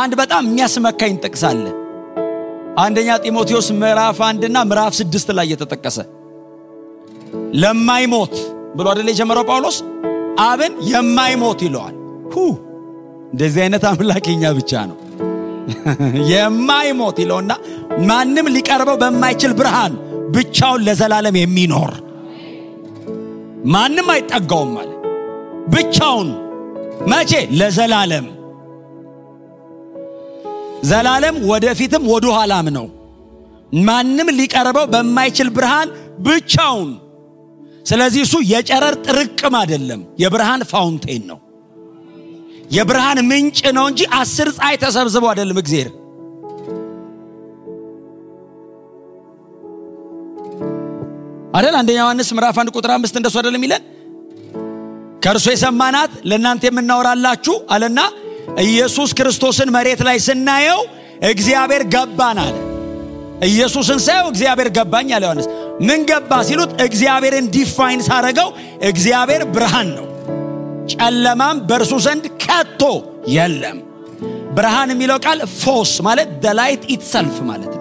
አንድ በጣም የሚያስመካኝ ጥቅስ አለ። አንደኛ ጢሞቴዎስ ምዕራፍ አንድና ምዕራፍ ስድስት ላይ የተጠቀሰ ለማይሞት ብሎ አይደል የጀመረው ጳውሎስ አብን የማይሞት ይለዋል። ሁ እንደዚህ አይነት አምላክ ብቻ ነው። የማይሞት ይለውና ማንም ሊቀርበው በማይችል ብርሃን ብቻውን ለዘላለም የሚኖር ማንም አይጠጋውም አለ። ብቻውን መቼ? ለዘላለም ዘላለም ወደፊትም ወደኋላም ነው። ማንም ሊቀርበው በማይችል ብርሃን ብቻውን። ስለዚህ እሱ የጨረር ጥርቅም አይደለም፣ የብርሃን ፋውንቴን ነው፣ የብርሃን ምንጭ ነው እንጂ አስር ፀሐይ ተሰብስቦ አይደለም እግዚአብሔር አይደል አንደኛ ዮሐንስ ምዕራፍ አንድ ቁጥር አምስት እንደሱ አይደለም ይለን ከእርሱ የሰማናት ለእናንተ የምናወራላችሁ አለና ኢየሱስ ክርስቶስን መሬት ላይ ስናየው እግዚአብሔር ገባን አለ። ኢየሱስን ሳየው እግዚአብሔር ገባኝ አለ ዮሐንስ። ምን ገባ ሲሉት እግዚአብሔርን ዲፋይን ሳረገው እግዚአብሔር ብርሃን ነው፣ ጨለማም በእርሱ ዘንድ ከቶ የለም። ብርሃን የሚለው ቃል ፎስ ማለት ደላይት ኢትሰልፍ ማለት